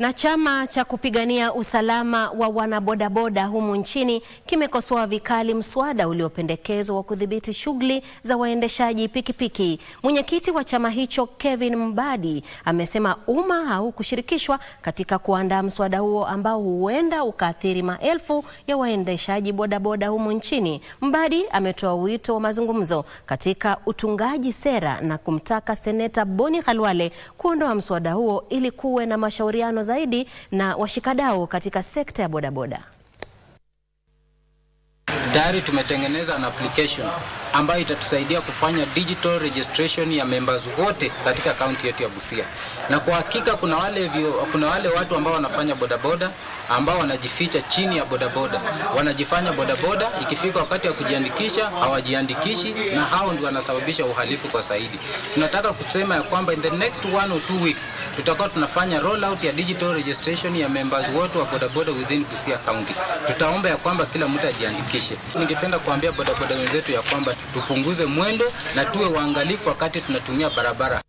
Na chama cha kupigania usalama wa wanabodaboda humu nchini kimekosoa vikali mswada uliopendekezwa wa kudhibiti shughuli za waendeshaji pikipiki. Mwenyekiti wa chama hicho Kevin Mbadi amesema umma haukushirikishwa katika kuandaa mswada huo ambao huenda ukaathiri maelfu ya waendeshaji bodaboda humu nchini. Mbadi ametoa wito wa mazungumzo katika utungaji sera na kumtaka Seneta Boni Khalwale kuondoa mswada huo ili kuwe na mashauriano zaidi na washikadau katika sekta ya bodaboda. Tayari tumetengeneza an application ambayo itatusaidia kufanya digital registration ya members wote katika kaunti yetu ya Busia. Na kwa hakika kuna wale, vio, kuna wale watu ambao wanafanya bodaboda ambao wanajificha chini ya bodaboda, wanajifanya bodaboda, ikifika wakati wa kujiandikisha hawajiandikishi, na hao ndio wanasababisha uhalifu kwa zaidi. Tunataka kusema ya kwamba in the next one or two weeks tutakuwa tunafanya out ya digital registration ya members wote wa bodaboda within Busia County. Tutaomba ya kwamba kila mtu ajiandikishe. Ningependa kuambia bodaboda wenzetu ya kwamba tupunguze mwendo na tuwe waangalifu wakati tunatumia barabara.